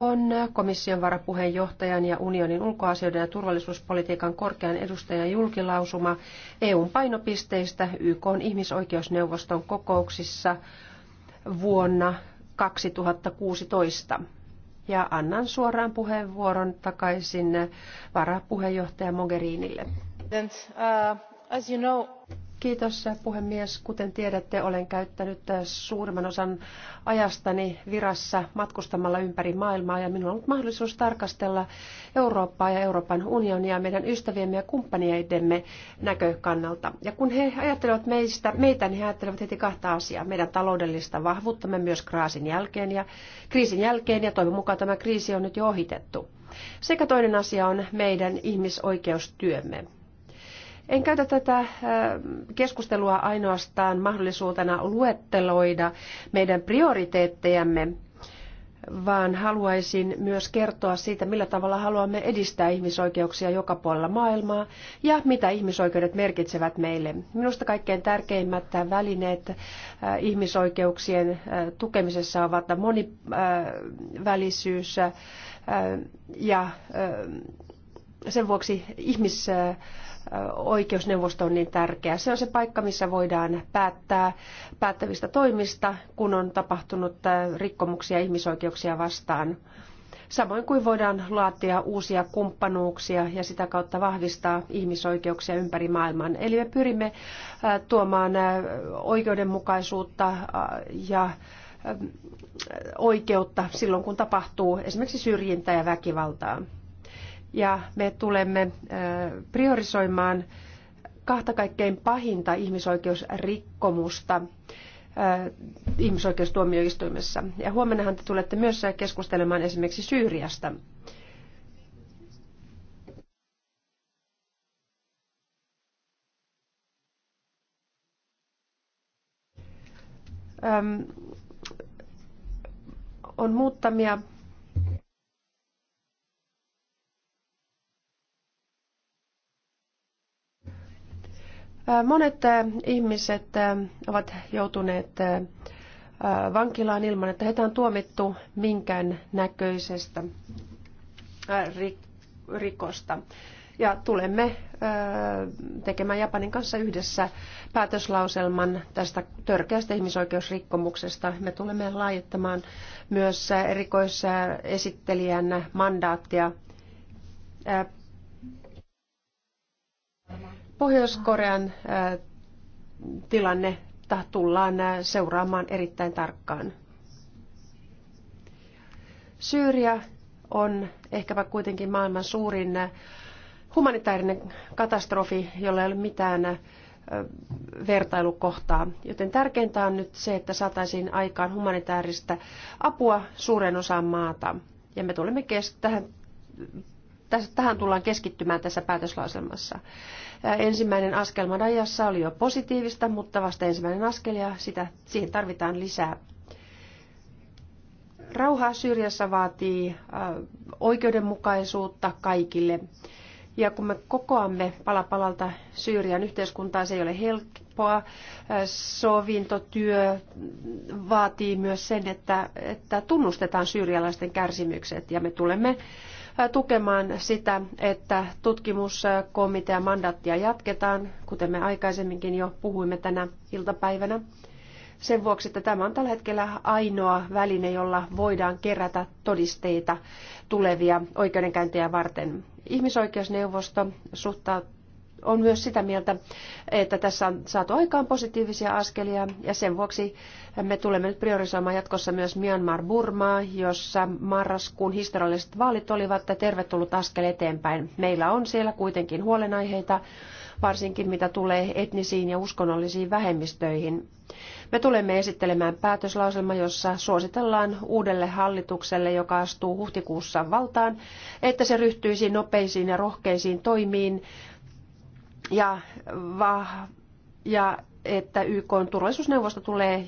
on komission varapuheenjohtajan ja unionin ulkoasioiden ja turvallisuuspolitiikan korkean edustajan julkilausuma EUn painopisteistä YK on ihmisoikeusneuvoston kokouksissa vuonna 2016. Ja annan suoraan puheenvuoron takaisin varapuheenjohtaja Mogherinille. Kiitos puhemies. Kuten tiedätte, olen käyttänyt äh, suurimman osan ajastani virassa matkustamalla ympäri maailmaa ja minulla on ollut mahdollisuus tarkastella Eurooppaa ja Euroopan unionia meidän ystäviemme ja kumppaneidemme näkökannalta. Ja kun he ajattelevat meistä, meitä, niin he ajattelevat heti kahta asiaa. Meidän taloudellista vahvuuttamme myös kraasin jälkeen ja, kriisin jälkeen ja toivon mukaan tämä kriisi on nyt jo ohitettu. Sekä toinen asia on meidän ihmisoikeustyömme. En käytä tätä äh, keskustelua ainoastaan mahdollisuutena luetteloida meidän prioriteettejamme, vaan haluaisin myös kertoa siitä, millä tavalla haluamme edistää ihmisoikeuksia joka puolella maailmaa ja mitä ihmisoikeudet merkitsevät meille. Minusta kaikkein tärkeimmät välineet äh, ihmisoikeuksien äh, tukemisessa ovat monivälisyys ja sen vuoksi ihmisoikeudet oikeusneuvosto on niin tärkeä. Se on se paikka, missä voidaan päättää päättävistä toimista, kun on tapahtunut äh, rikkomuksia ihmisoikeuksia vastaan. Samoin kuin voidaan laatia uusia kumppanuuksia ja sitä kautta vahvistaa ihmisoikeuksia ympäri maailman. Eli me pyrimme äh, tuomaan äh, oikeudenmukaisuutta ja oikeutta silloin, kun tapahtuu esimerkiksi syrjintää ja väkivaltaa ja me tulemme priorisoimaan kahta kaikkein pahinta ihmisoikeusrikkomusta ihmisoikeustuomioistuimessa. Ja huomennahan te tulette myös keskustelemaan esimerkiksi Syyriasta. Öm, on muutamia Monet ihmiset ovat joutuneet vankilaan ilman, että heitä on tuomittu minkään näköisestä rikosta. Ja tulemme tekemään Japanin kanssa yhdessä päätöslauselman tästä törkeästä ihmisoikeusrikkomuksesta. Me tulemme laajittamaan myös erikoisesittelijän mandaattia Pohjois-Korean tilanne tullaan seuraamaan erittäin tarkkaan. Syyria on ehkäpä kuitenkin maailman suurin humanitaarinen katastrofi, jolla ei ole mitään vertailukohtaa. Joten tärkeintä on nyt se, että saataisiin aikaan humanitaarista apua suuren osan maata. Ja me tulemme kes- tähän tähän tullaan keskittymään tässä päätöslauselmassa. Ensimmäinen askel Madajassa oli jo positiivista, mutta vasta ensimmäinen askel ja sitä, siihen tarvitaan lisää. Rauha Syyriassa vaatii äh, oikeudenmukaisuutta kaikille. Ja kun me kokoamme palapalalta Syyrian yhteiskuntaa, se ei ole helppoa. Äh, sovintotyö vaatii myös sen, että, että tunnustetaan syyrialaisten kärsimykset. Ja me tulemme tukemaan sitä, että tutkimuskomitean mandaattia jatketaan, kuten me aikaisemminkin jo puhuimme tänä iltapäivänä. Sen vuoksi, että tämä on tällä hetkellä ainoa väline, jolla voidaan kerätä todisteita tulevia oikeudenkäyntejä varten. Ihmisoikeusneuvosto suhtautuu on myös sitä mieltä, että tässä on saatu aikaan positiivisia askelia ja sen vuoksi me tulemme nyt priorisoimaan jatkossa myös Myanmar-Burmaa, jossa marraskuun historialliset vaalit olivat tervetullut askel eteenpäin. Meillä on siellä kuitenkin huolenaiheita, varsinkin mitä tulee etnisiin ja uskonnollisiin vähemmistöihin. Me tulemme esittelemään päätöslauselma, jossa suositellaan uudelle hallitukselle, joka astuu huhtikuussa valtaan, että se ryhtyisi nopeisiin ja rohkeisiin toimiin ja, va, ja että YK turvallisuusneuvosto tulee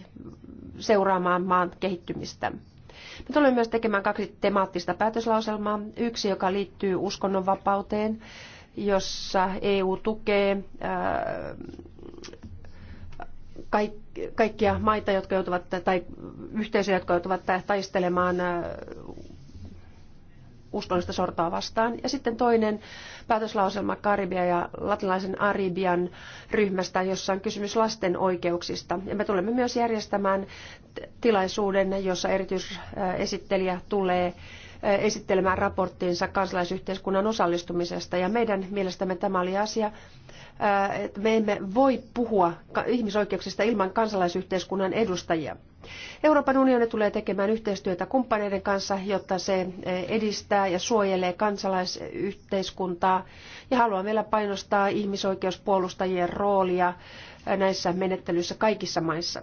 seuraamaan maan kehittymistä. Me tulemme myös tekemään kaksi temaattista päätöslauselmaa. Yksi, joka liittyy uskonnonvapauteen, jossa EU tukee ää, kaikkia maita, jotka joutuvat, tai yhteisöjä, jotka joutuvat taistelemaan uskonnollista sortoa vastaan. Ja sitten toinen päätöslauselma Karibia ja latinalaisen Aribian ryhmästä, jossa on kysymys lasten oikeuksista. Ja me tulemme myös järjestämään tilaisuuden, jossa erityisesittelijä tulee äh, esittelemään raporttinsa kansalaisyhteiskunnan osallistumisesta. Ja meidän mielestämme tämä oli asia, äh, että me emme voi puhua ihmisoikeuksista ilman kansalaisyhteiskunnan edustajia. Euroopan unioni tulee tekemään yhteistyötä kumppaneiden kanssa, jotta se eh, edistää ja suojelee kansalaisyhteiskuntaa ja haluaa vielä painostaa ihmisoikeuspuolustajien roolia eh, näissä menettelyissä kaikissa maissa.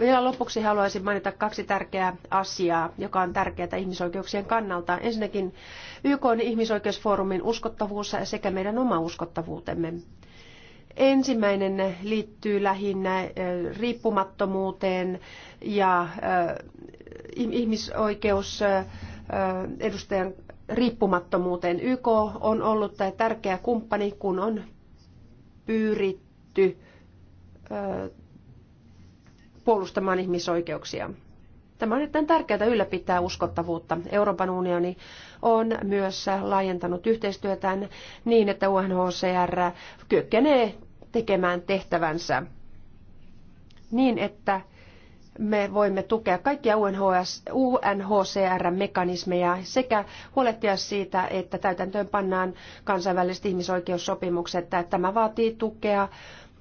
Vielä lopuksi haluaisin mainita kaksi tärkeää asiaa, joka on tärkeää ihmisoikeuksien kannalta. Ensinnäkin YK on ihmisoikeusfoorumin uskottavuus sekä meidän oma uskottavuutemme. Ensimmäinen liittyy lähinnä riippumattomuuteen ja ihmisoikeus edustajan riippumattomuuteen. YK on ollut tärkeä kumppani, kun on pyritty puolustamaan ihmisoikeuksia. Tämä on erittäin tärkeää ylläpitää uskottavuutta. Euroopan unioni on myös laajentanut yhteistyötään niin, että UNHCR kykenee tekemään tehtävänsä niin, että me voimme tukea kaikkia UNHCR-mekanismeja sekä huolehtia siitä, että täytäntöön pannaan kansainväliset ihmisoikeussopimukset. Tämä vaatii tukea,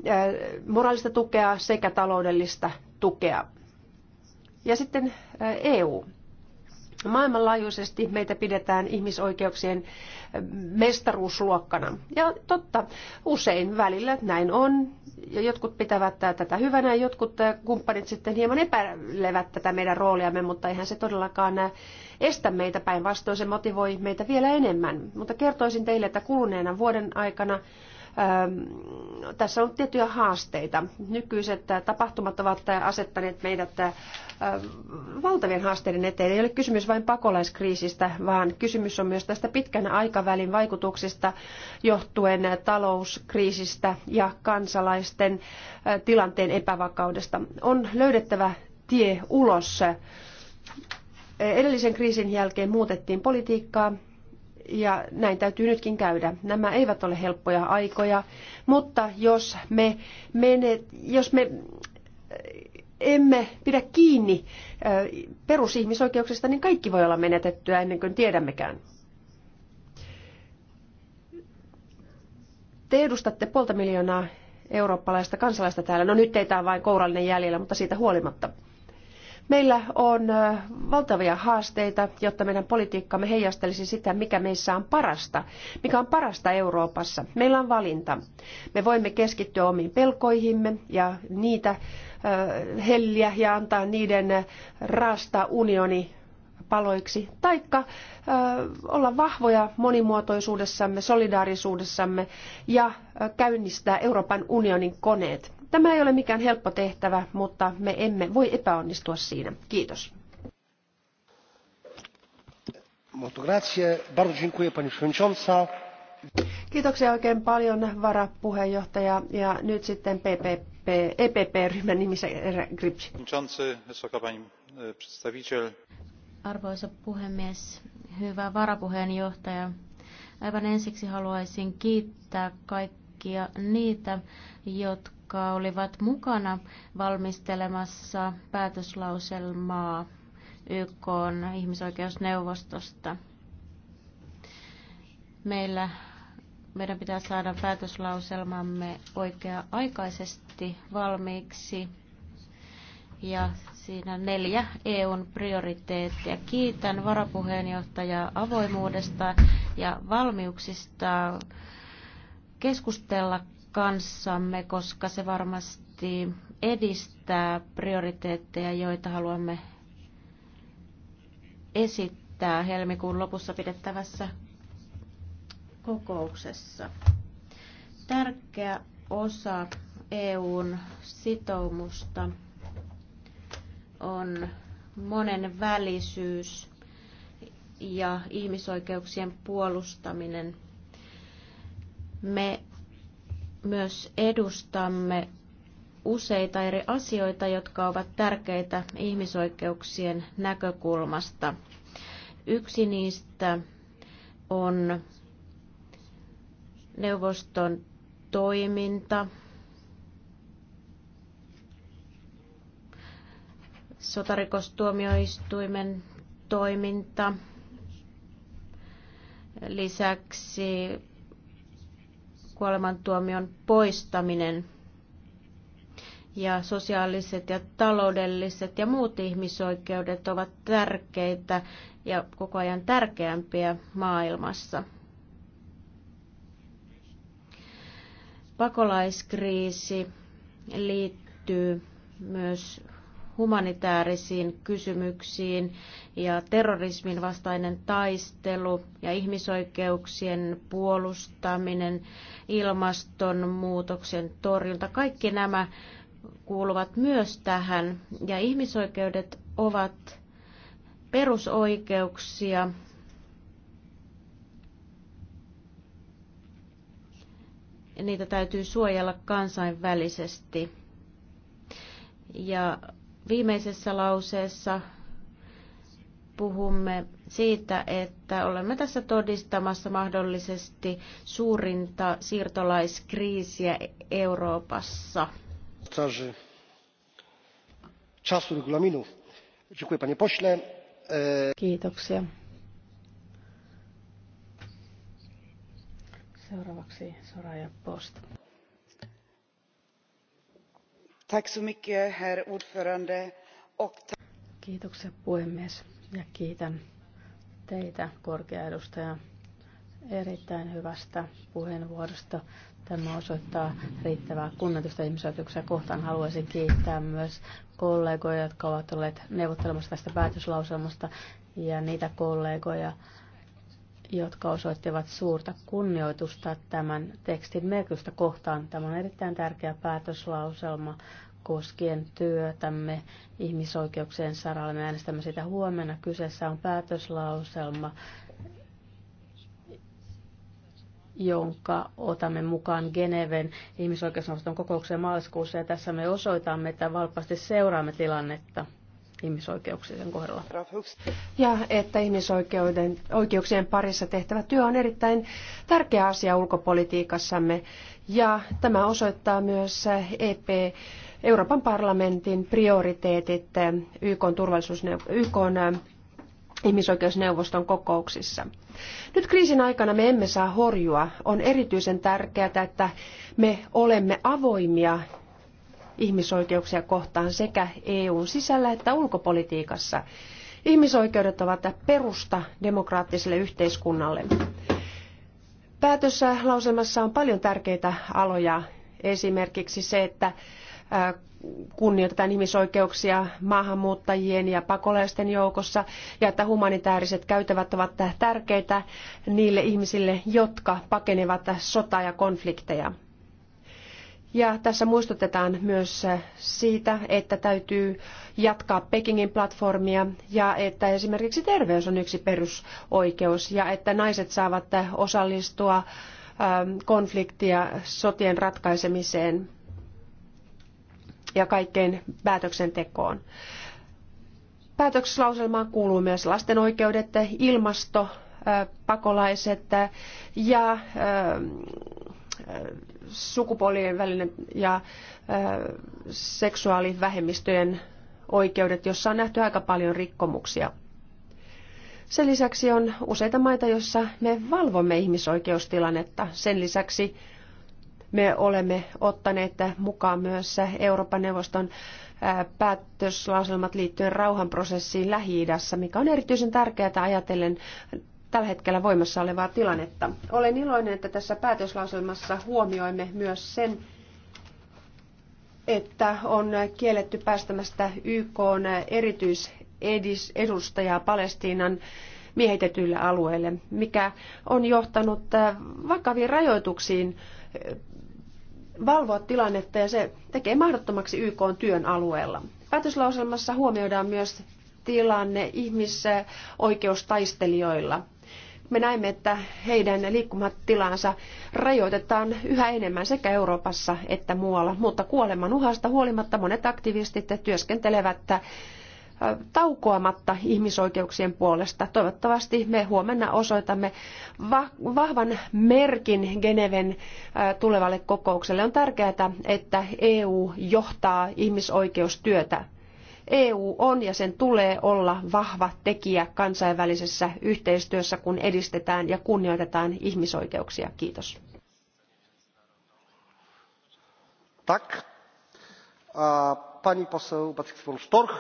eh, moraalista tukea sekä taloudellista tukea. Ja sitten EU. Maailmanlaajuisesti meitä pidetään ihmisoikeuksien mestaruusluokkana. Ja totta, usein välillä näin on. Ja jotkut pitävät tätä hyvänä ja jotkut kumppanit sitten hieman epäilevät tätä meidän rooliamme, mutta eihän se todellakaan estä meitä päinvastoin. Se motivoi meitä vielä enemmän. Mutta kertoisin teille, että kuluneena vuoden aikana tässä on tiettyjä haasteita. Nykyiset tapahtumat ovat asettaneet meidät valtavien haasteiden eteen. Ei ole kysymys vain pakolaiskriisistä, vaan kysymys on myös tästä pitkän aikavälin vaikutuksista johtuen talouskriisistä ja kansalaisten tilanteen epävakaudesta. On löydettävä tie ulos. Edellisen kriisin jälkeen muutettiin politiikkaa ja näin täytyy nytkin käydä. Nämä eivät ole helppoja aikoja, mutta jos me, menet, jos me eh, emme pidä kiinni eh, perusihmisoikeuksista, niin kaikki voi olla menetettyä ennen kuin tiedämmekään. Te edustatte puolta miljoonaa eurooppalaista kansalaista täällä. No nyt teitä on vain kourallinen jäljellä, mutta siitä huolimatta – Meillä on valtavia haasteita, jotta meidän politiikkamme heijastelisi sitä, mikä meissä on parasta, mikä on parasta Euroopassa. Meillä on valinta. Me voimme keskittyä omiin pelkoihimme ja niitä helliä ja antaa niiden raastaa unioni paloiksi, taikka olla vahvoja monimuotoisuudessamme, solidaarisuudessamme ja käynnistää Euroopan unionin koneet. Tämä ei ole mikään helppo tehtävä, mutta me emme voi epäonnistua siinä. Kiitos. Kiitoksia oikein paljon varapuheenjohtaja ja nyt sitten PPP, EPP-ryhmän nimissä Gripsi. E, Arvoisa puhemies, hyvä varapuheenjohtaja. Aivan ensiksi haluaisin kiittää kaikkia niitä, jotka jotka olivat mukana valmistelemassa päätöslauselmaa YK ihmisoikeusneuvostosta. Meillä meidän pitää saada päätöslauselmamme oikea-aikaisesti valmiiksi. Ja siinä neljä EUn prioriteettia. Kiitän varapuheenjohtajaa avoimuudesta ja valmiuksista keskustella kanssamme, koska se varmasti edistää prioriteetteja, joita haluamme esittää helmikuun lopussa pidettävässä kokouksessa. Tärkeä osa EUn sitoumusta on monenvälisyys ja ihmisoikeuksien puolustaminen. Me myös edustamme useita eri asioita, jotka ovat tärkeitä ihmisoikeuksien näkökulmasta. Yksi niistä on neuvoston toiminta, sotarikostuomioistuimen toiminta, lisäksi kuolemantuomion poistaminen ja sosiaaliset ja taloudelliset ja muut ihmisoikeudet ovat tärkeitä ja koko ajan tärkeämpiä maailmassa. Pakolaiskriisi liittyy myös humanitaarisiin kysymyksiin ja terrorismin vastainen taistelu ja ihmisoikeuksien puolustaminen, ilmastonmuutoksen torjunta, kaikki nämä kuuluvat myös tähän. Ja ihmisoikeudet ovat perusoikeuksia, niitä täytyy suojella kansainvälisesti. Ja viimeisessä lauseessa puhumme siitä, että olemme tässä todistamassa mahdollisesti suurinta siirtolaiskriisiä Euroopassa. E, Kiitoksia. Seuraavaksi Soraya Post herr Kiitoksia puhemies ja kiitän teitä korkea edustaja erittäin hyvästä puheenvuorosta. Tämä osoittaa riittävää kunnioitusta ihmisoikeuksia kohtaan. Haluaisin kiittää myös kollegoja, jotka ovat olleet neuvottelemassa tästä päätöslauselmasta ja niitä kollegoja, jotka osoittivat suurta kunnioitusta tämän tekstin merkitystä kohtaan. Tämä on erittäin tärkeä päätöslauselma koskien työtämme ihmisoikeuksien saralla. Me äänestämme sitä huomenna. Kyseessä on päätöslauselma, jonka otamme mukaan Geneven ihmisoikeusneuvoston kokoukseen maaliskuussa. Ja tässä me osoitamme, että valpaasti seuraamme tilannetta ihmisoikeuksien kohdalla. Ja että ihmisoikeuden oikeuksien parissa tehtävä työ on erittäin tärkeä asia ulkopolitiikassamme ja tämä osoittaa myös EP Euroopan parlamentin prioriteetit YK, YK ihmisoikeusneuvoston kokouksissa. Nyt kriisin aikana me emme saa horjua. On erityisen tärkeää, että me olemme avoimia ihmisoikeuksia kohtaan sekä EUn sisällä että ulkopolitiikassa. Ihmisoikeudet ovat perusta demokraattiselle yhteiskunnalle. Päätöslauselmassa on paljon tärkeitä aloja, esimerkiksi se, että kunnioitetaan ihmisoikeuksia maahanmuuttajien ja pakolaisten joukossa ja että humanitaariset käytävät ovat tärkeitä niille ihmisille, jotka pakenevat sotaa ja konflikteja. Ja tässä muistutetaan myös siitä, että täytyy jatkaa Pekingin platformia ja että esimerkiksi terveys on yksi perusoikeus ja että naiset saavat osallistua ähm, konfliktia sotien ratkaisemiseen ja kaikkeen päätöksentekoon. Päätökslauselmaan kuuluu myös lasten oikeudet, ilmasto, äh, pakolaiset ja ähm, sukupuolien välinen ja äh, seksuaalivähemmistöjen oikeudet, jossa on nähty aika paljon rikkomuksia. Sen lisäksi on useita maita, joissa me valvomme ihmisoikeustilannetta. Sen lisäksi me olemme ottaneet mukaan myös Euroopan neuvoston äh, päätöslauselmat liittyen rauhanprosessiin Lähi-idässä, mikä on erityisen tärkeää ajatellen tällä hetkellä voimassa olevaa tilannetta. Olen iloinen, että tässä päätöslauselmassa huomioimme myös sen, että on kielletty päästämästä YK erityisedustajaa Palestiinan miehitetyille alueille, mikä on johtanut äh, vakaviin rajoituksiin äh, valvoa tilannetta ja se tekee mahdottomaksi YK työn alueella. Päätöslauselmassa huomioidaan myös tilanne ihmisoikeustaistelijoilla me näemme, että heidän liikkumatilansa rajoitetaan yhä enemmän sekä Euroopassa että muualla. Mutta kuoleman uhasta huolimatta monet aktivistit työskentelevät äh, taukoamatta ihmisoikeuksien puolesta. Toivottavasti me huomenna osoitamme vahvan merkin Geneven äh, tulevalle kokoukselle. On tärkeää, että EU johtaa ihmisoikeustyötä EU on ja sen tulee olla vahva tekijä kansainvälisessä yhteistyössä, kun edistetään ja kunnioitetaan ihmisoikeuksia. Kiitos. Tak. Pani poseł von Storch.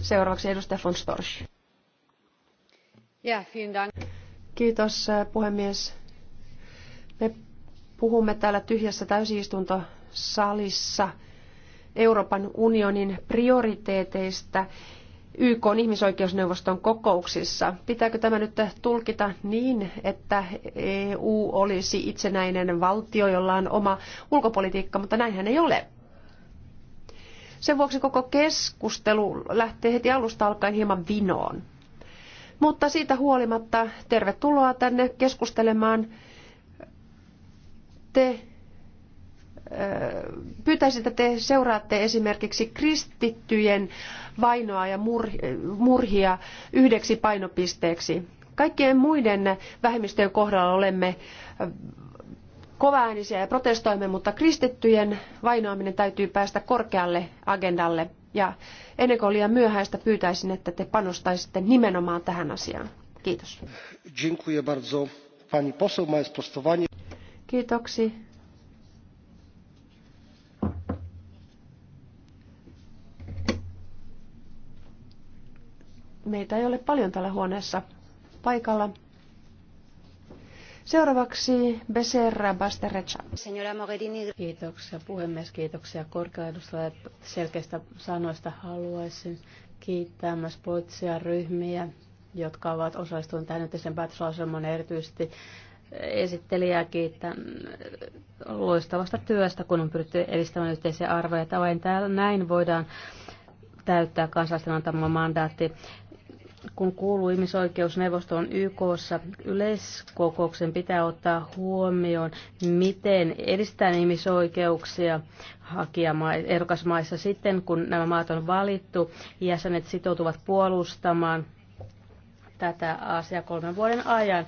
Seuraavaksi edustaja von Storch. Kiitos puhemies. Me puhumme täällä tyhjässä täysistuntosalissa salissa Euroopan unionin prioriteeteista YK on ihmisoikeusneuvoston kokouksissa. Pitääkö tämä nyt tulkita niin, että EU olisi itsenäinen valtio, jolla on oma ulkopolitiikka, mutta näinhän ei ole? Sen vuoksi koko keskustelu lähtee heti alusta alkaen hieman vinoon. Mutta siitä huolimatta tervetuloa tänne keskustelemaan. Te pyytäisin, että te seuraatte esimerkiksi kristittyjen vainoa ja murhia yhdeksi painopisteeksi. Kaikkien muiden vähemmistöjen kohdalla olemme kovaäänisiä ja protestoimme, mutta kristittyjen vainoaminen täytyy päästä korkealle agendalle. Ja ennen kuin on liian myöhäistä, pyytäisin, että te panostaisitte nimenomaan tähän asiaan. Kiitos. Dziękuję bardzo. Pani ma Kiitoksia. Meitä ei ole paljon täällä huoneessa paikalla. Seuraavaksi Becerra Basterecha. Señora Mogherini. Kiitoksia puhemies, kiitoksia korkeudustalle selkeistä sanoista. Haluaisin kiittää myös poliittisia ryhmiä, jotka ovat osallistuneet tähän yhteisen päätöslauselmaan erityisesti esittelijää kiittää loistavasta työstä, kun on pyritty edistämään yhteisiä arvoja. Vain täällä näin voidaan täyttää kansalaisten antama mandaatti kun kuuluu ihmisoikeusneuvostoon YKssa, yleiskokouksen pitää ottaa huomioon, miten edistetään ihmisoikeuksia ehdokasmaissa sitten, kun nämä maat on valittu. Jäsenet sitoutuvat puolustamaan tätä asiaa kolmen vuoden ajan.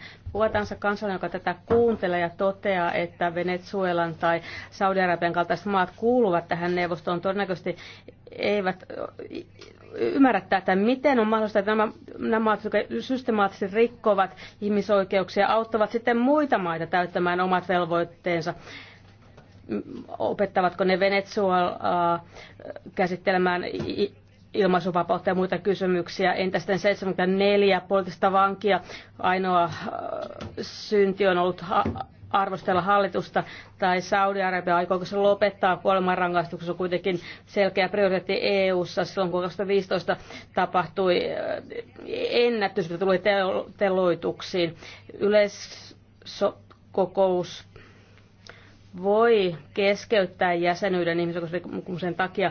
se kansalainen, joka tätä kuuntelee ja toteaa, että Venezuelan tai Saudi-Arabian kaltaiset maat kuuluvat tähän neuvostoon, todennäköisesti eivät ymmärrä että miten on mahdollista, että nämä, nämä maat, jotka systemaattisesti rikkovat ihmisoikeuksia, auttavat sitten muita maita täyttämään omat velvoitteensa opettavatko ne Venezuela äh, käsittelemään ilmaisuvapautta ja muita kysymyksiä. Entä sitten 74 poliittista vankia? Ainoa äh, synti on ollut arvostella hallitusta tai Saudi-Arabia, aikooko se lopettaa kuolemanrangaistuksen, on kuitenkin selkeä prioriteetti EU-ssa silloin, kun 2015 tapahtui äh, ennätys, että tuli teloituksiin. Yleiskokous voi keskeyttää jäsenyyden ihmisoikeusrikkomuksen takia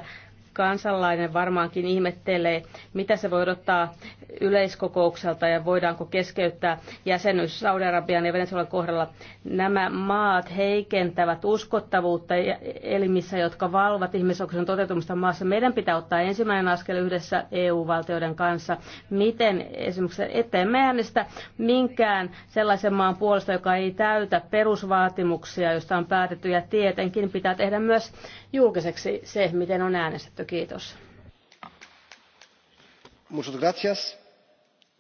kansalainen varmaankin ihmettelee, mitä se voi odottaa yleiskokoukselta ja voidaanko keskeyttää jäsenyys Saudi-Arabian ja Venezuelan kohdalla. Nämä maat heikentävät uskottavuutta elimissä, jotka valvat ihmisoikeuksien toteutumista maassa. Meidän pitää ottaa ensimmäinen askel yhdessä EU-valtioiden kanssa. Miten esimerkiksi etemme äänestä minkään sellaisen maan puolesta, joka ei täytä perusvaatimuksia, joista on päätetty, ja tietenkin pitää tehdä myös julkiseksi se, miten on äänestetty. Kiitos. Muchas gracias.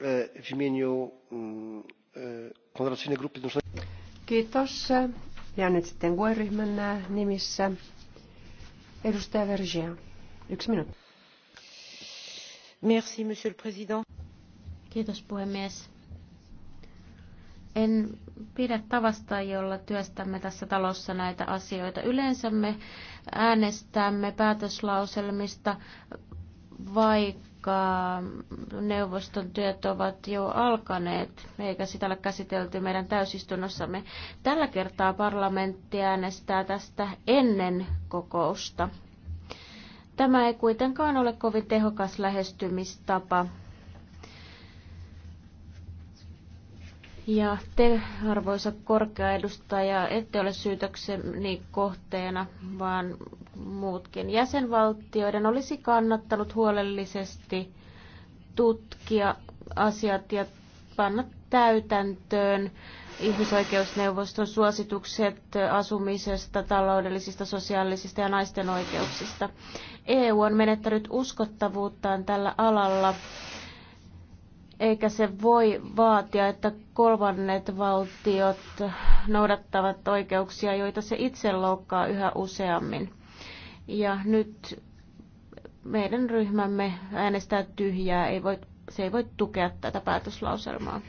Eh, w imieniu mm, e, Grupy Kiitos. Ja nyt sitten GUE-ryhmän nimissä edustaja Vergia. Yksi minuutti. Merci, monsieur le président. Kiitos puhemies. En pidä tavasta, jolla työstämme tässä talossa näitä asioita. Yleensä me äänestämme päätöslauselmista, vaikka neuvoston työt ovat jo alkaneet, eikä sitä ole käsitelty meidän täysistunnossamme. Tällä kertaa parlamentti äänestää tästä ennen kokousta. Tämä ei kuitenkaan ole kovin tehokas lähestymistapa. Ja te, arvoisa korkea edustaja, ette ole syytökseni kohteena, vaan muutkin jäsenvaltioiden olisi kannattanut huolellisesti tutkia asiat ja panna täytäntöön ihmisoikeusneuvoston suositukset asumisesta, taloudellisista, sosiaalisista ja naisten oikeuksista. EU on menettänyt uskottavuuttaan tällä alalla eikä se voi vaatia, että kolmannet valtiot noudattavat oikeuksia, joita se itse loukkaa yhä useammin. Ja nyt meidän ryhmämme äänestää tyhjää, ei voi, se ei voi tukea tätä päätöslauselmaa.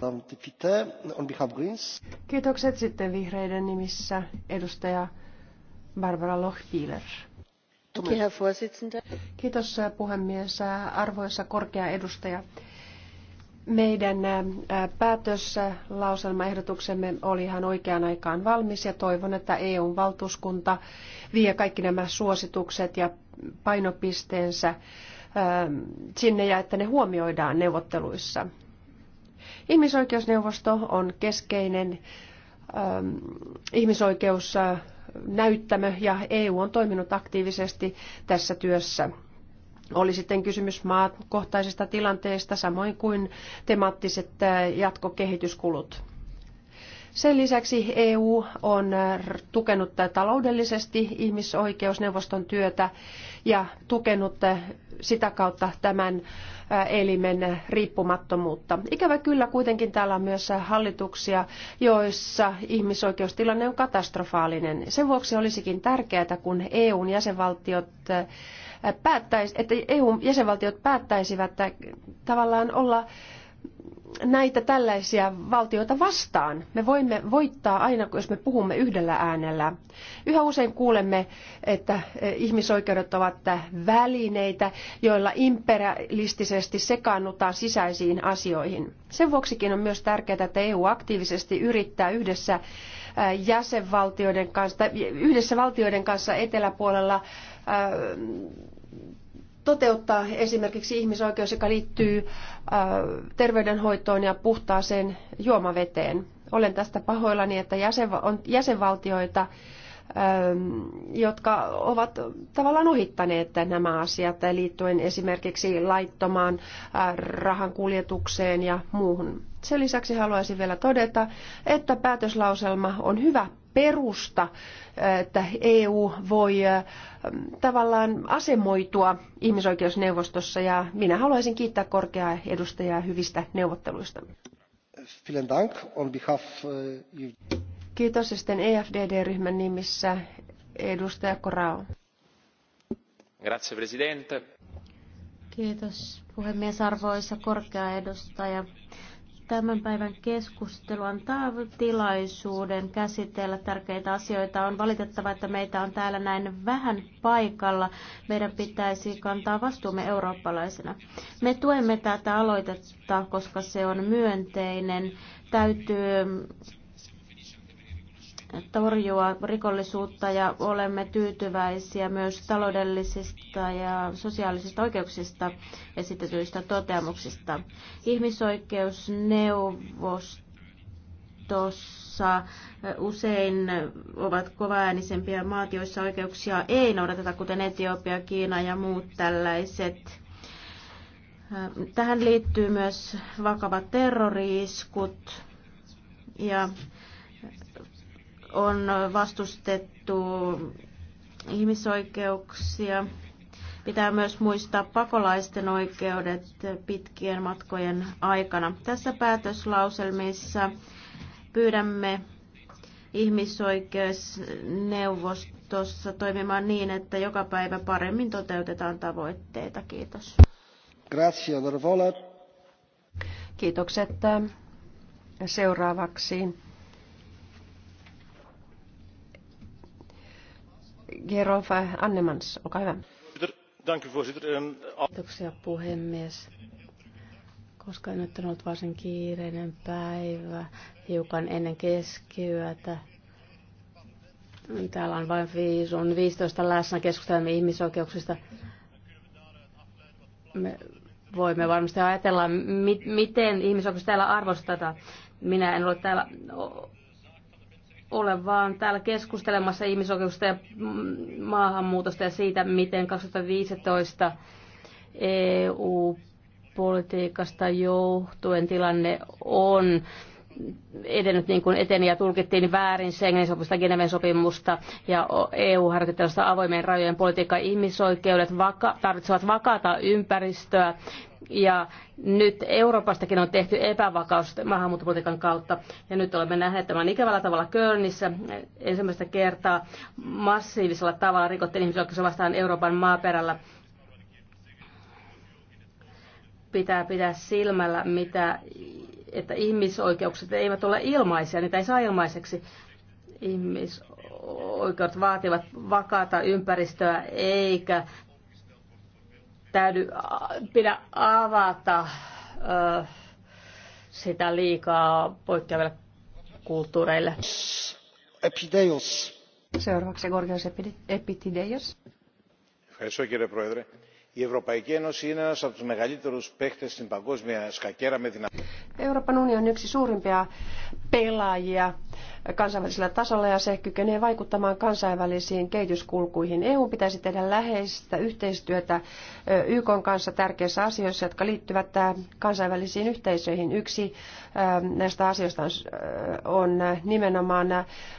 Kiitokset sitten vihreiden nimissä edustaja Barbara Lochbieler. Kiitos äh, puhemies, äh, arvoisa korkea edustaja. Meidän päätöslauselmaehdotuksemme oli ihan oikeaan aikaan valmis ja toivon, että EUn valtuuskunta vie kaikki nämä suositukset ja painopisteensä sinne ja että ne huomioidaan neuvotteluissa. Ihmisoikeusneuvosto on keskeinen ihmisoikeusnäyttämö ja EU on toiminut aktiivisesti tässä työssä. Oli sitten kysymys maakohtaisesta tilanteesta, samoin kuin temaattiset jatkokehityskulut. Sen lisäksi EU on tukenut taloudellisesti ihmisoikeusneuvoston työtä ja tukenut sitä kautta tämän elimen riippumattomuutta. Ikävä kyllä kuitenkin täällä on myös hallituksia, joissa ihmisoikeustilanne on katastrofaalinen. Sen vuoksi olisikin tärkeää, kun EUn jäsenvaltiot päättäisi, että EU-jäsenvaltiot päättäisivät äh, tavallaan olla näitä tällaisia valtioita vastaan. Me voimme voittaa aina, jos me puhumme yhdellä äänellä. Yhä usein kuulemme, että äh, ihmisoikeudet ovat äh, välineitä, joilla imperialistisesti sekaannutaan sisäisiin asioihin. Sen vuoksikin on myös tärkeää, että EU aktiivisesti yrittää yhdessä jäsenvaltioiden kanssa, yhdessä valtioiden kanssa eteläpuolella toteuttaa esimerkiksi ihmisoikeus, joka liittyy äh, terveydenhoitoon ja puhtaaseen juomaveteen. Olen tästä pahoillani, että on jäsenvaltioita, Ähm, jotka ovat tavallaan ohittaneet nämä asiat liittyen esimerkiksi laittomaan äh, rahan kuljetukseen ja muuhun. Sen lisäksi haluaisin vielä todeta, että päätöslauselma on hyvä perusta, äh, että EU voi äh, tavallaan asemoitua ihmisoikeusneuvostossa ja minä haluaisin kiittää korkeaa edustajaa hyvistä neuvotteluista. Vielen Dank on behalf Kiitos ja sitten EFDD-ryhmän nimissä edustaja Korao. Grazie, presidente. Kiitos puhemies arvoisa korkea edustaja. Tämän päivän keskustelu antaa tilaisuuden käsitellä tärkeitä asioita. On valitettava, että meitä on täällä näin vähän paikalla. Meidän pitäisi kantaa vastuumme eurooppalaisena. Me tuemme tätä aloitetta, koska se on myönteinen. Täytyy torjua rikollisuutta ja olemme tyytyväisiä myös taloudellisista ja sosiaalisista oikeuksista esitetyistä toteamuksista. Ihmisoikeusneuvostossa usein ovat kovaäänisempiä maat, joissa oikeuksia ei noudateta, kuten Etiopia, Kiina ja muut tällaiset. Tähän liittyy myös vakavat terroriiskut ja on vastustettu ihmisoikeuksia. Pitää myös muistaa pakolaisten oikeudet pitkien matkojen aikana. Tässä päätöslauselmissa pyydämme ihmisoikeusneuvostossa toimimaan niin, että joka päivä paremmin toteutetaan tavoitteita. Kiitos. Kiitokset. Seuraavaksi Arvoisa ehm, puhemies. Koska nyt on ollut varsin kiireinen päivä, hiukan ennen keskiyötä, Täällä on vain viisi, on 15 läsnä keskustelemme ihmisoikeuksista. Me voimme varmasti ajatella, mi- miten ihmisoikeus täällä arvostetaan. Minä en ole täällä ole vaan täällä keskustelemassa ihmisoikeuksista ja maahanmuutosta ja siitä, miten 2015 EU-politiikasta johtuen tilanne on edennyt niin kuin eteni ja tulkittiin väärin Schengenin sopimusta, Geneven sopimusta ja EU-harjoittelusta avoimien rajojen politiikka ihmisoikeudet vaka- tarvitsevat vakaata ympäristöä ja nyt Euroopastakin on tehty epävakaus maahanmuuttopolitiikan kautta. Ja nyt olemme nähneet tämän ikävällä tavalla Kölnissä. Ensimmäistä kertaa massiivisella tavalla rikottiin ihmisoikeuksia vastaan Euroopan maaperällä pitää pitää silmällä, mitä, että ihmisoikeukset eivät ole ilmaisia, niitä ei saa ilmaiseksi. Ihmisoikeudet vaativat vakaata ympäristöä eikä täydy, pidä avata ö, sitä liikaa poikkeaville kulttuureille. Epideios. Seuraavaksi Gorgios Epitideios. Ευχαριστώ κύριε Πρόεδρε. Η Ευρωπαϊκή Ένωση είναι ένας από τους μεγαλύτερους παίχτες στην παγκόσμια σκακέρα με δυνατότητα. Euroopan unioni on yksi suurimpia pelaajia kansainvälisellä tasolla ja se kykenee vaikuttamaan kansainvälisiin kehityskulkuihin. EU pitäisi tehdä läheistä yhteistyötä YK kanssa tärkeissä asioissa, jotka liittyvät kansainvälisiin yhteisöihin. Yksi näistä asioista on nimenomaan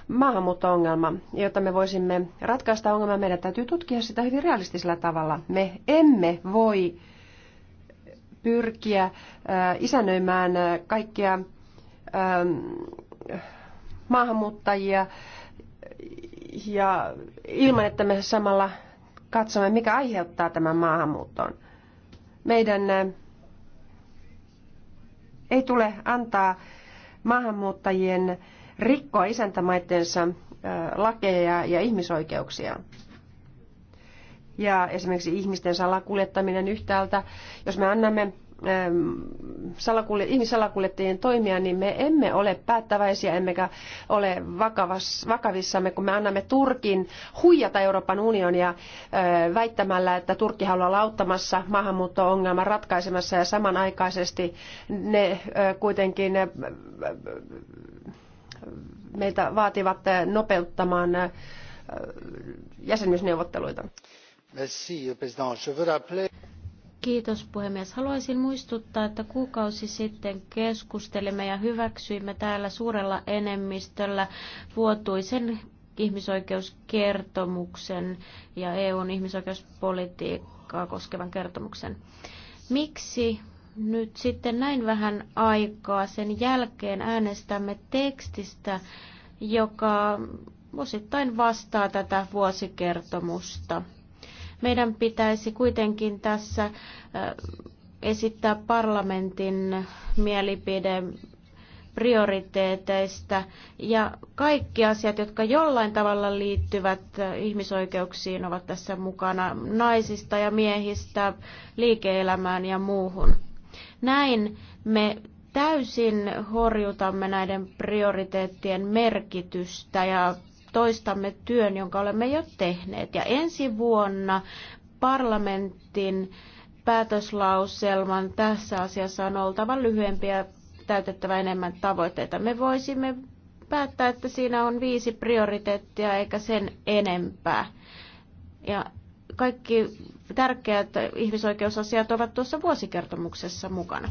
maahanmuutto-ongelma. Jotta me voisimme ratkaista ongelmaa, meidän täytyy tutkia sitä hyvin realistisella tavalla. Me emme voi pyrkiä isännöimään kaikkia maahanmuuttajia ja ilman, että me samalla katsomme, mikä aiheuttaa tämän maahanmuuton. Meidän ei tule antaa maahanmuuttajien rikkoa isäntämaitensa lakeja ja ihmisoikeuksia ja esimerkiksi ihmisten salakuljettaminen yhtäältä. Jos me annamme ähm, salakulje, ihmissalakuljettajien toimia, niin me emme ole päättäväisiä emmekä ole vakavas, vakavissamme, kun me annamme Turkin huijata Euroopan unionia äh, väittämällä, että Turkki haluaa olla auttamassa maahanmuutto-ongelman ratkaisemassa ja samanaikaisesti ne äh, kuitenkin äh, meitä vaativat nopeuttamaan jäsenyysneuvotteluita. Kiitos puhemies. Haluaisin muistuttaa, että kuukausi sitten keskustelimme ja hyväksyimme täällä suurella enemmistöllä vuotuisen ihmisoikeuskertomuksen ja EUn ihmisoikeuspolitiikkaa koskevan kertomuksen. Miksi nyt sitten näin vähän aikaa sen jälkeen äänestämme tekstistä, joka osittain vastaa tätä vuosikertomusta? Meidän pitäisi kuitenkin tässä esittää parlamentin mielipide prioriteeteista ja kaikki asiat, jotka jollain tavalla liittyvät ihmisoikeuksiin, ovat tässä mukana naisista ja miehistä, liike-elämään ja muuhun. Näin me täysin horjutamme näiden prioriteettien merkitystä ja toistamme työn, jonka olemme jo tehneet. Ja ensi vuonna parlamentin päätöslauselman tässä asiassa on oltava lyhyempi ja täytettävä enemmän tavoitteita. Me voisimme päättää, että siinä on viisi prioriteettia eikä sen enempää. Ja kaikki tärkeät ihmisoikeusasiat ovat tuossa vuosikertomuksessa mukana.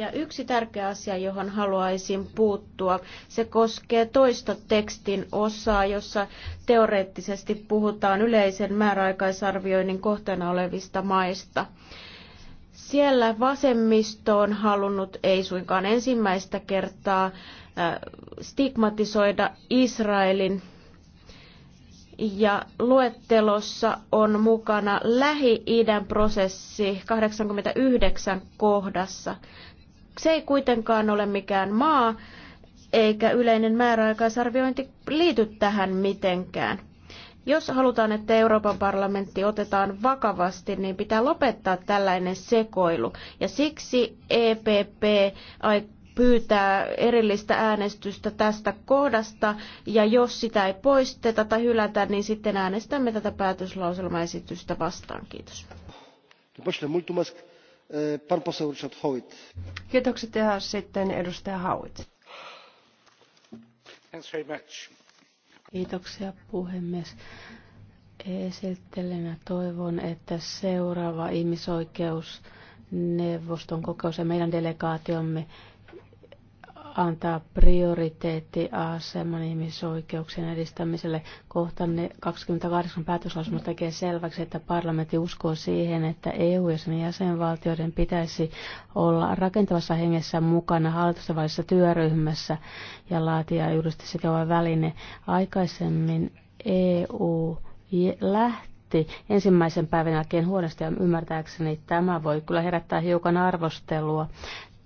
Ja yksi tärkeä asia, johon haluaisin puuttua, se koskee toista tekstin osaa, jossa teoreettisesti puhutaan yleisen määräaikaisarvioinnin kohteena olevista maista. Siellä vasemmisto on halunnut, ei suinkaan ensimmäistä kertaa, äh, stigmatisoida Israelin ja luettelossa on mukana Lähi-idän prosessi 89 kohdassa. Se ei kuitenkaan ole mikään maa, eikä yleinen määräaikaisarviointi liity tähän mitenkään. Jos halutaan, että Euroopan parlamentti otetaan vakavasti, niin pitää lopettaa tällainen sekoilu. Ja siksi EPP pyytää erillistä äänestystä tästä kohdasta, ja jos sitä ei poisteta tai hylätä, niin sitten äänestämme tätä päätöslauselmaesitystä vastaan. Kiitos. E, pan poseł Richard Howitt. Kiitokset ja sitten edustaja Howitt. Kiitoksia puhemies. Esittelenä toivon, että seuraava ihmisoikeusneuvoston kokous ja meidän delegaatiomme antaa aseman ihmisoikeuksien edistämiselle. Kohta 28 päätöslausuma tekee selväksi, että parlamentti uskoo siihen, että EU ja sen jäsenvaltioiden pitäisi olla rakentavassa hengessä mukana hallitusten välisessä työryhmässä ja laatia juridisesti sitova väline. Aikaisemmin EU lähti ensimmäisen päivän jälkeen huonosti ja ymmärtääkseni tämä voi kyllä herättää hiukan arvostelua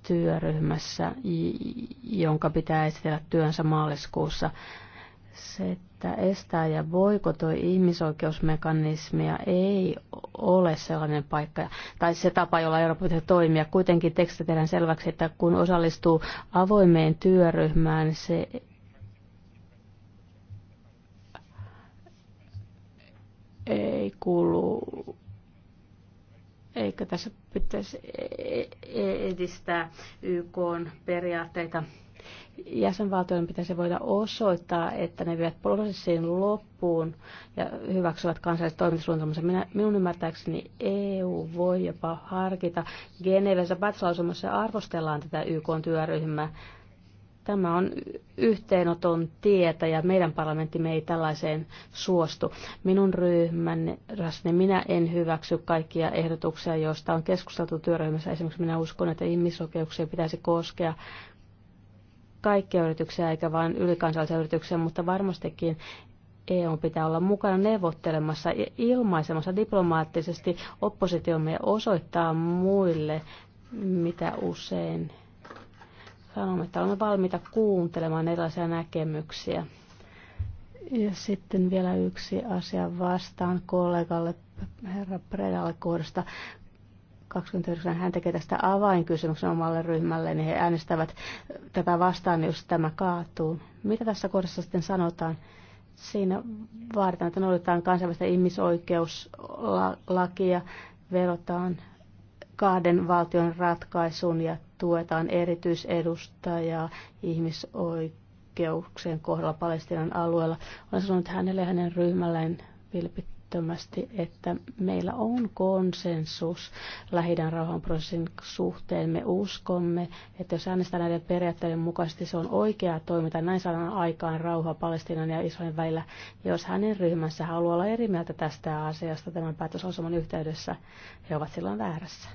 työryhmässä, jonka pitää esitellä työnsä maaliskuussa. Se, että estää ja boikotoi ihmisoikeusmekanismia ei ole sellainen paikka, tai se tapa, jolla Euroopan pitää toimia. Kuitenkin teksti tehdään selväksi, että kun osallistuu avoimeen työryhmään, se ei kuulu eikä tässä pitäisi e- e- edistää YK periaatteita. Jäsenvaltioiden pitäisi voida osoittaa, että ne vievät prosessin loppuun ja hyväksyvät kansalliset toimintasuunnitelmansa. Minä, minun ymmärtääkseni EU voi jopa harkita. Geneveessä päätöslauselmassa arvostellaan tätä YK-työryhmää Tämä on yhteenoton tietä ja meidän parlamenttimme ei tällaiseen suostu. Minun ryhmän rasne, minä en hyväksy kaikkia ehdotuksia, joista on keskusteltu työryhmässä. Esimerkiksi minä uskon, että ihmisoikeuksia pitäisi koskea kaikkia yrityksiä eikä vain ylikansallisia yrityksiä, mutta varmastikin EU pitää olla mukana neuvottelemassa ja ilmaisemassa diplomaattisesti oppositiomme osoittaa muille, mitä usein sanomme, että olemme valmiita kuuntelemaan erilaisia näkemyksiä. Ja sitten vielä yksi asia vastaan kollegalle, herra Predalle kohdasta 29. Hän tekee tästä avainkysymyksen omalle ryhmälle, niin he äänestävät tätä vastaan, jos tämä kaatuu. Mitä tässä kohdassa sitten sanotaan? Siinä vaaditaan, että noudatetaan kansainvälistä ihmisoikeuslakia, verotaan kahden valtion ratkaisuun ja tuetaan erityisedustajaa ihmisoikeuksien kohdalla Palestinan alueella. Olen sanonut hänelle ja hänen ryhmälleen vilpittömästi, että meillä on konsensus lähidän rauhanprosessin suhteen. Me uskomme, että jos äänestää näiden periaatteiden mukaisesti, se on oikea toiminta. Näin saadaan aikaan rauha Palestinan ja Israelin välillä. Ja jos hänen ryhmänsä haluaa olla eri mieltä tästä asiasta tämän päätösosaman yhteydessä, he ovat silloin väärässä.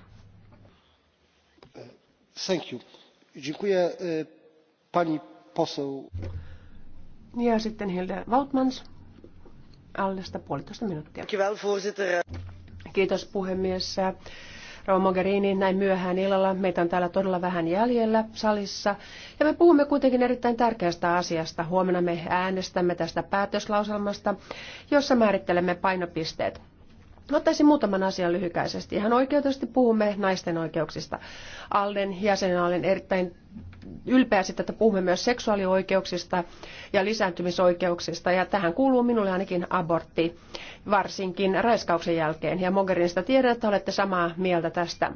Ja sitten Hilde Waltmans, puolitoista minuuttia. Kiitos Mogherini, näin myöhään illalla. Meitä on täällä todella vähän jäljellä salissa. Ja me puhumme kuitenkin erittäin tärkeästä asiasta. Huomenna me äänestämme tästä päätöslauselmasta, jossa määrittelemme painopisteet. Ottaisin muutaman asian lyhykäisesti. Ihan oikeutusti puhumme naisten oikeuksista. Alden jäsenä olen erittäin ylpeä siitä, että puhumme myös seksuaalioikeuksista ja lisääntymisoikeuksista. Ja tähän kuuluu minulle ainakin abortti, varsinkin raiskauksen jälkeen. Ja Mogherinista tiedän, että olette samaa mieltä tästä.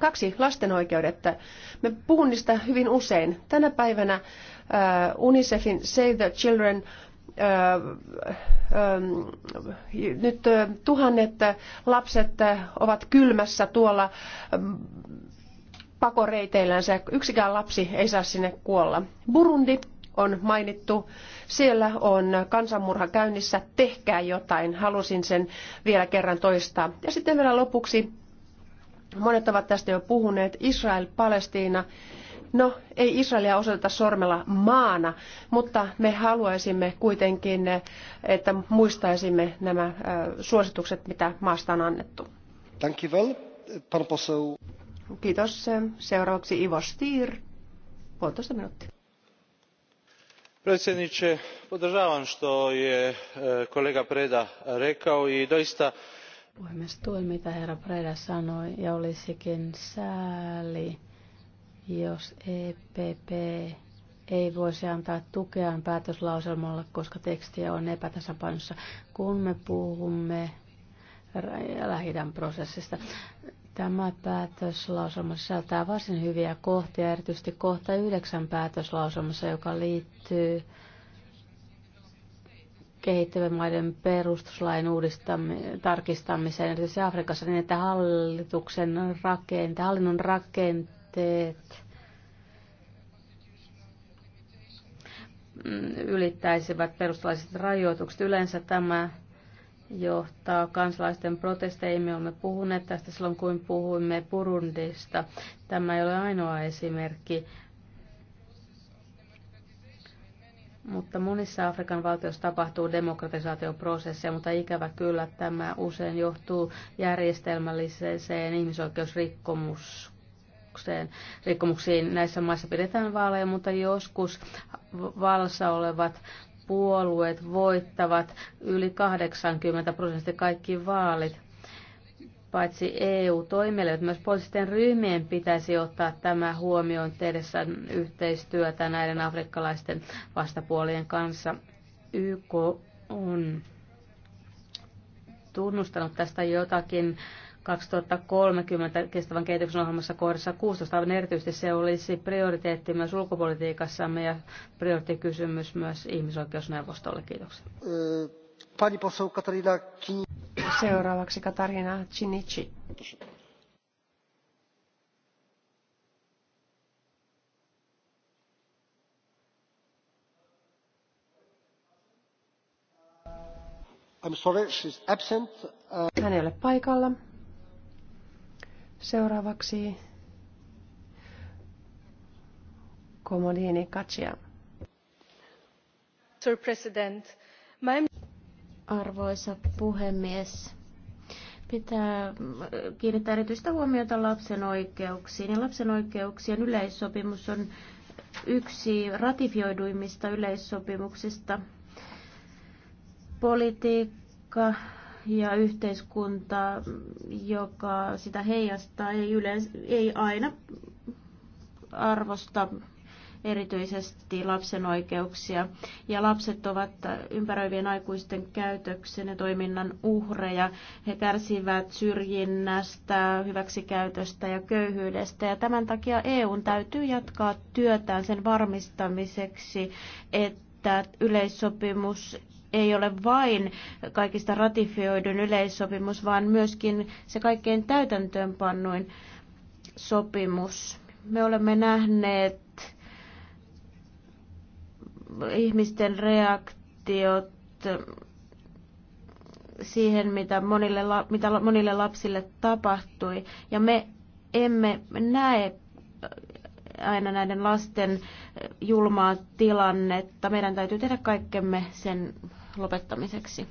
Kaksi, lasten oikeudetta. Me puhun niistä hyvin usein. Tänä päivänä äh, UNICEFin Save the Children nyt tuhannet lapset ovat kylmässä tuolla pakoreiteillänsä. Yksikään lapsi ei saa sinne kuolla. Burundi on mainittu. Siellä on kansanmurha käynnissä. Tehkää jotain. Halusin sen vielä kerran toistaa. Ja sitten vielä lopuksi. Monet ovat tästä jo puhuneet. Israel, Palestiina No, ei Israelia osoiteta sormella maana, mutta me haluaisimme kuitenkin, että muistaisimme nämä äh, suositukset, mitä maasta on annettu. Kiitos. Seuraavaksi Ivo Stier, puolitoista minuuttia predsjednie podravam to je e, kolega preda rekao i doista puhemies tuen mitä herra preda sanoi ja olisikin sääli jos EPP ei voisi antaa tukeaan päätöslauselmalle, koska tekstiä on epätasapainossa, kun me puhumme lähidän prosessista. Tämä päätöslauselma sisältää varsin hyviä kohtia, erityisesti kohta yhdeksän päätöslauselmassa, joka liittyy kehittyvien maiden perustuslain tarkistamiseen, erityisesti Afrikassa, niin että hallituksen rakente, hallinnon rakente, tavoitteet ylittäisivät perustuslailliset rajoitukset. Yleensä tämä johtaa kansalaisten protesteihin. Me olemme puhuneet tästä silloin, kun puhuimme Burundista. Tämä ei ole ainoa esimerkki, mutta monissa Afrikan valtioissa tapahtuu demokratisaatioprosessia, mutta ikävä kyllä tämä usein johtuu järjestelmälliseen ihmisoikeusrikkomus rikkomukseen. rikkomuksiin näissä maissa pidetään vaaleja, mutta joskus valsa olevat puolueet voittavat yli 80 prosenttia kaikki vaalit. Paitsi eu toimijoille myös poliittisten ryhmien pitäisi ottaa tämä huomioon tehdessä yhteistyötä näiden afrikkalaisten vastapuolien kanssa. YK on tunnustanut tästä jotakin 2030 kestävän kehityksen ohjelmassa kohdassa 16, aivan erityisesti se olisi prioriteetti myös ulkopolitiikassamme ja prioriteettikysymys myös ihmisoikeusneuvostolle. Kiitoksia. Pani poseł Katarina Seuraavaksi Katarina Chinichi. Hän ei ole paikalla. Seuraavaksi Komodini Katsia. Arvoisa puhemies, pitää kiinnittää erityistä huomiota lapsen oikeuksiin. Ja lapsen oikeuksien yleissopimus on yksi ratifioiduimmista yleissopimuksista. Politiikka, ja yhteiskunta, joka sitä heijastaa, ei, yleensä, ei aina arvosta erityisesti lapsen oikeuksia. Ja lapset ovat ympäröivien aikuisten käytöksen ja toiminnan uhreja. He kärsivät syrjinnästä, hyväksikäytöstä ja köyhyydestä. Ja tämän takia EUn täytyy jatkaa työtään sen varmistamiseksi, että että yleissopimus ei ole vain kaikista ratifioidun yleissopimus, vaan myöskin se kaikkein täytäntöönpannuin sopimus. Me olemme nähneet ihmisten reaktiot siihen, mitä monille, mitä monille lapsille tapahtui. Ja me emme näe aina näiden lasten julmaa tilannetta. Meidän täytyy tehdä kaikkemme sen lopettamiseksi.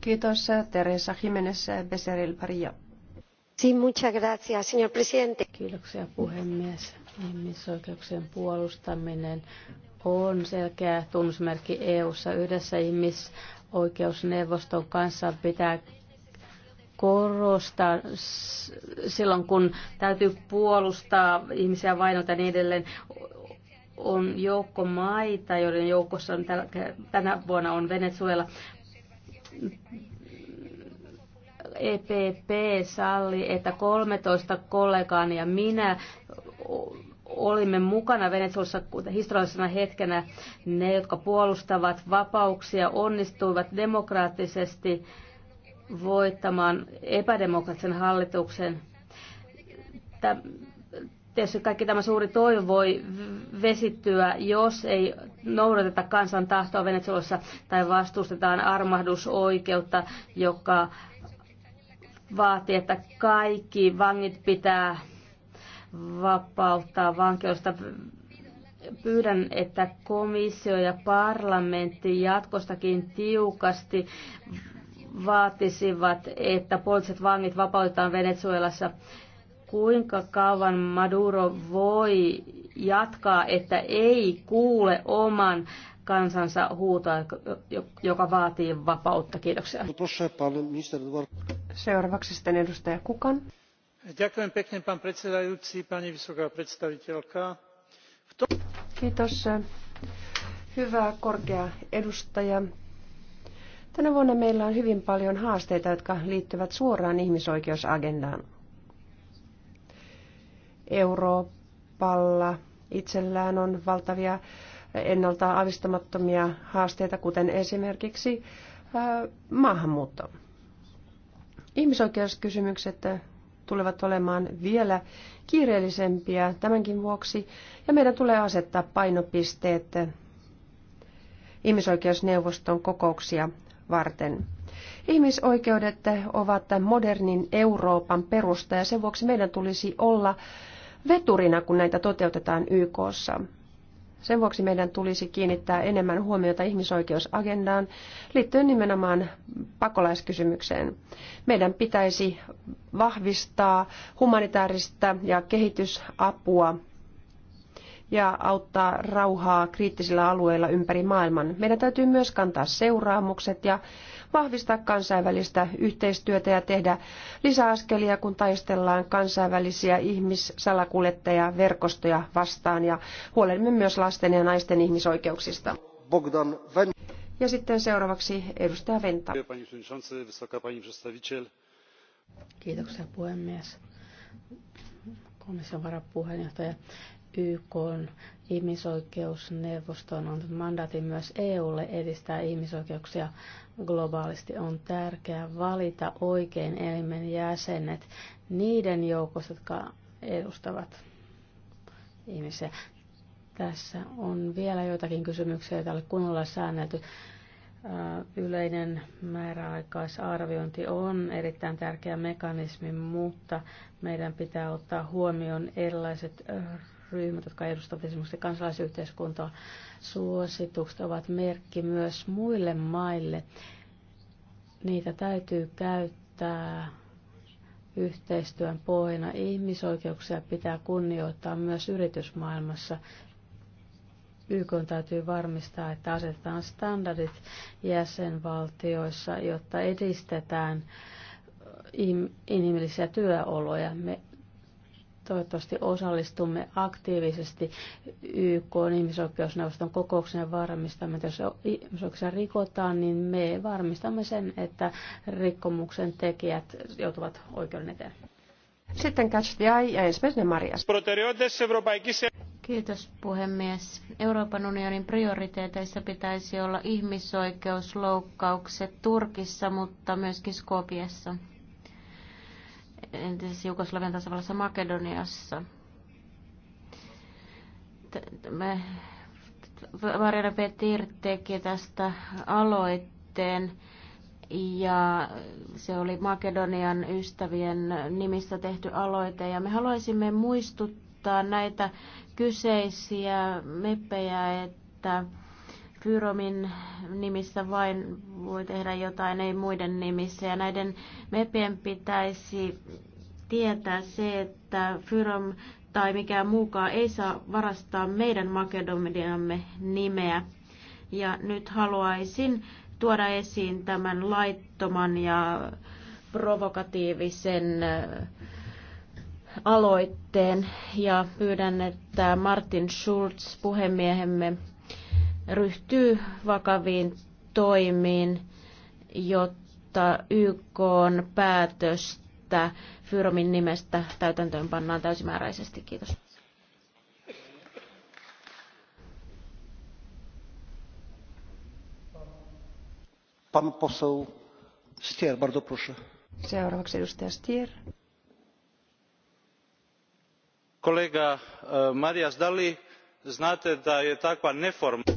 Kiitos Teresa Jimenez Becerril Paria. Sí, muchas gracias, señor presidente. Kiitoksia puhemies. Ihmisoikeuksien puolustaminen on selkeä tunnusmerkki EU:ssa yhdessä ihmisoikeusneuvoston kanssa pitää korostaa silloin, kun täytyy puolustaa ihmisiä vainota ja niin edelleen on joukko maita, joiden joukossa on tänä vuonna on Venezuela. EPP salli, että 13 kollegaani ja minä olimme mukana Venezuelassa historiallisena hetkenä. Ne, jotka puolustavat vapauksia, onnistuivat demokraattisesti voittamaan epädemokraattisen hallituksen tietysti kaikki tämä suuri toivo voi vesittyä, jos ei noudateta kansan tahtoa Venezuelassa tai vastustetaan armahdusoikeutta, joka vaatii, että kaikki vangit pitää vapauttaa vankeusta. Pyydän, että komissio ja parlamentti jatkostakin tiukasti vaatisivat, että poliittiset vangit vapautetaan Venezuelassa kuinka kauan Maduro voi jatkaa, että ei kuule oman kansansa huuta, joka vaatii vapautta. Kiitoksia. Seuraavaksi sitten edustaja Kukan. Kiitos. Eh, hyvä korkea edustaja. Tänä vuonna meillä on hyvin paljon haasteita, jotka liittyvät suoraan ihmisoikeusagendaan. Euroopalla itsellään on valtavia ennalta avistamattomia haasteita, kuten esimerkiksi maahanmuutto. Ihmisoikeuskysymykset tulevat olemaan vielä kiireellisempiä tämänkin vuoksi, ja meidän tulee asettaa painopisteet ihmisoikeusneuvoston kokouksia varten. Ihmisoikeudet ovat modernin Euroopan perusta ja sen vuoksi meidän tulisi olla veturina, kun näitä toteutetaan YKssa. Sen vuoksi meidän tulisi kiinnittää enemmän huomiota ihmisoikeusagendaan liittyen nimenomaan pakolaiskysymykseen. Meidän pitäisi vahvistaa humanitaarista ja kehitysapua ja auttaa rauhaa kriittisillä alueilla ympäri maailman. Meidän täytyy myös kantaa seuraamukset ja vahvistaa kansainvälistä yhteistyötä ja tehdä lisäaskelia, kun taistellaan kansainvälisiä verkostoja vastaan ja huolehdimme myös lasten ja naisten ihmisoikeuksista. Bogdan Ven... Ja sitten seuraavaksi edustaja Venta. Kiitoksia puhemies. Komission varapuheenjohtaja YK on ihmisoikeusneuvosto on antanut mandaatin myös EUlle edistää ihmisoikeuksia globaalisti on tärkeää valita oikein elimen jäsenet niiden joukossa, jotka edustavat ihmisiä. Tässä on vielä joitakin kysymyksiä, joita ei ole kunnolla säännelty. Yleinen määräaikaisarviointi on erittäin tärkeä mekanismi, mutta meidän pitää ottaa huomioon erilaiset ryhmät, jotka edustavat esimerkiksi kansalaisyhteiskuntaa. Suositukset ovat merkki myös muille maille. Niitä täytyy käyttää yhteistyön pohjana. Ihmisoikeuksia pitää kunnioittaa myös yritysmaailmassa. YK täytyy varmistaa, että asetetaan standardit jäsenvaltioissa, jotta edistetään inhimillisiä työoloja. Me Toivottavasti osallistumme aktiivisesti YK ihmisoikeusneuvoston kokoukseen varmistamme, että jos ihmisoikeuksia rikotaan, niin me varmistamme sen, että rikkomuksen tekijät joutuvat oikeuden eteen. Sitten Catch ja ensimmäisenä Marias. Kiitos puhemies. Euroopan unionin prioriteeteissa pitäisi olla ihmisoikeusloukkaukset Turkissa, mutta myöskin Skopiassa entisessä Jugoslavian tasavallassa Makedoniassa. Me Varjana Petir teki tästä aloitteen ja se oli Makedonian ystävien nimissä tehty aloite ja me haluaisimme muistuttaa näitä kyseisiä meppejä, että Fyromin nimissä vain voi tehdä jotain, ei muiden nimissä. Ja näiden mepien pitäisi tietää se, että Fyrom tai mikään muukaan ei saa varastaa meidän Makedoniamme nimeä. Ja nyt haluaisin tuoda esiin tämän laittoman ja provokatiivisen aloitteen ja pyydän, että Martin Schulz, puhemiehemme, ryhtyy vakaviin toimiin, jotta YK on päätöstä Fyromin nimestä täytäntöön pannaan täysimääräisesti. Kiitos. Pan poseł Stier, bardzo proszę. Seuraavaksi edustaja Stier. Kollega e, Marias Dali, znate da je takva neformalna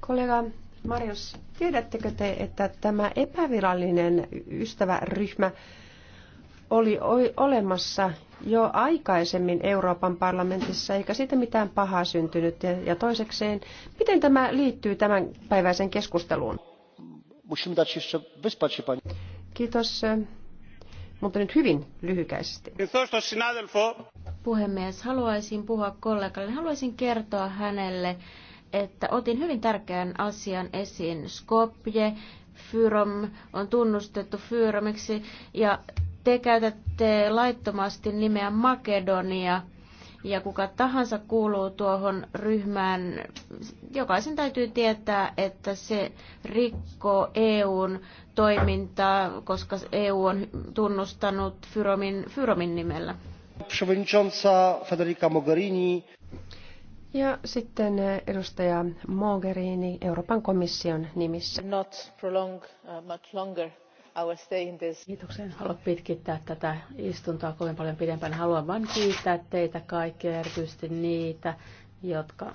Kollega Marius, tiedättekö te, että tämä epävirallinen ystäväryhmä oli olemassa jo aikaisemmin Euroopan parlamentissa, eikä siitä mitään pahaa syntynyt. Ja toisekseen, miten tämä liittyy tämän päiväisen keskusteluun? Kiitos, e, mutta nyt hyvin lyhykäisesti. Puhemies, haluaisin puhua kollegalle. Haluaisin kertoa hänelle, että otin hyvin tärkeän asian esiin. Skopje, Fyrom on tunnustettu Fyromiksi ja te käytätte laittomasti nimeä Makedonia ja kuka tahansa kuuluu tuohon ryhmään, jokaisen täytyy tietää, että se rikkoo EUn toimintaa, koska EU on tunnustanut Fyromin, Fyromin nimellä. Przewodnicząca Federica Mogherini ja sitten äh, edustaja Mogherini Euroopan komission nimissä. Not prolong uh, much longer Kiitoksia. En halua pitkittää tätä istuntoa kovin paljon pidempään. Haluan vain kiittää teitä kaikkia, erityisesti niitä, jotka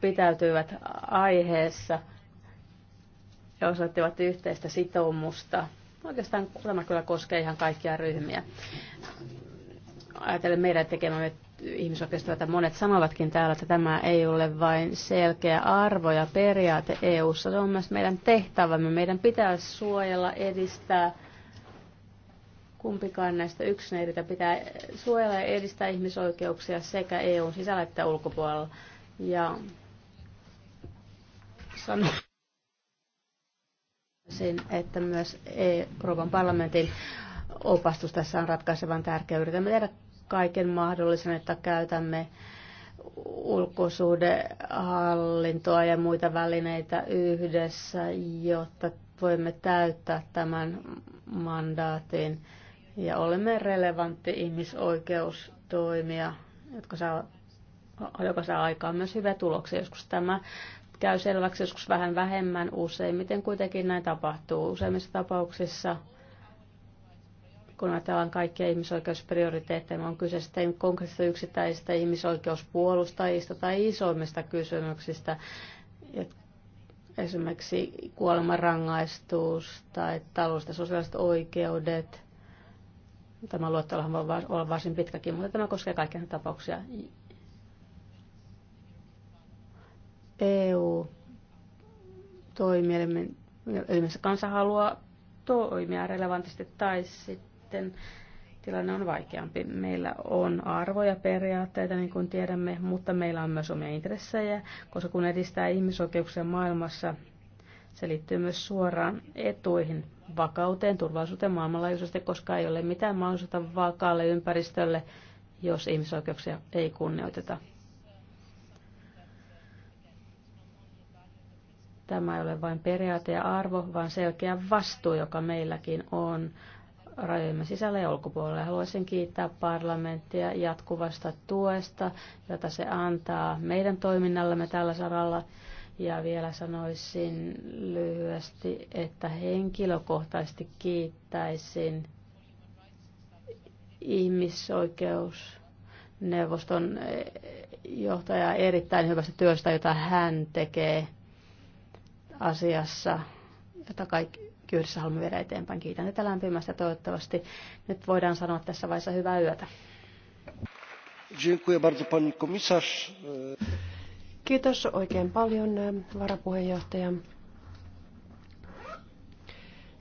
pitäytyivät aiheessa ja osoittivat yhteistä sitoumusta. Oikeastaan tämä kyllä koskee ihan kaikkia ryhmiä. Ajatellen meidän tekemämme ihmisoikeustyötä. Monet sanovatkin täällä, että tämä ei ole vain selkeä arvo ja periaate EU-ssa. Se on myös meidän tehtävämme. Meidän pitää suojella, edistää kumpikaan näistä yksinäiritä. Pitää suojella ja edistää ihmisoikeuksia sekä EUn sisällä että ulkopuolella. Ja sanoisin, että myös Euroopan parlamentin opastus tässä on ratkaisevan tärkeä. Yritämme tehdä kaiken mahdollisen, että käytämme ulkosuhdehallintoa ja muita välineitä yhdessä, jotta voimme täyttää tämän mandaatin ja olemme relevantti ihmisoikeustoimija, jotka saa, joka saa aikaan myös hyviä tuloksia. Joskus tämä käy selväksi, joskus vähän vähemmän, useimmiten kuitenkin näin tapahtuu. Useimmissa tapauksissa kun ajatellaan kaikkia ihmisoikeusprioriteetteja, niin on kyse sitten konkreettisista yksittäisistä ihmisoikeuspuolustajista tai isoimmista kysymyksistä, esimerkiksi kuolemanrangaistus tai talous- ja sosiaaliset oikeudet. Tämä luettelo voi olla varsin pitkäkin, mutta tämä koskee kaikkia tapauksia. EU toimii eli kansa haluaa toimia relevantisti tai sitten sitten tilanne on vaikeampi. Meillä on arvoja, periaatteita, niin kuin tiedämme, mutta meillä on myös omia intressejä, koska kun edistää ihmisoikeuksia maailmassa, se liittyy myös suoraan etuihin, vakauteen, turvallisuuteen maailmanlaajuisesti, koska ei ole mitään mahdollisuutta vakaalle ympäristölle, jos ihmisoikeuksia ei kunnioiteta. Tämä ei ole vain periaate ja arvo, vaan selkeä vastuu, joka meilläkin on rajojemme sisällä ja ulkopuolella. Haluaisin kiittää parlamenttia jatkuvasta tuesta, jota se antaa meidän toiminnallemme tällä saralla. Ja vielä sanoisin lyhyesti, että henkilökohtaisesti kiittäisin ihmisoikeusneuvoston johtajaa erittäin hyvästä työstä, jota hän tekee asiassa, jota kaikki, yhdessä haluamme viedä eteenpäin. Kiitän tätä lämpimästä. Toivottavasti nyt voidaan sanoa tässä vaiheessa hyvää yötä. Kiitos oikein paljon varapuheenjohtaja.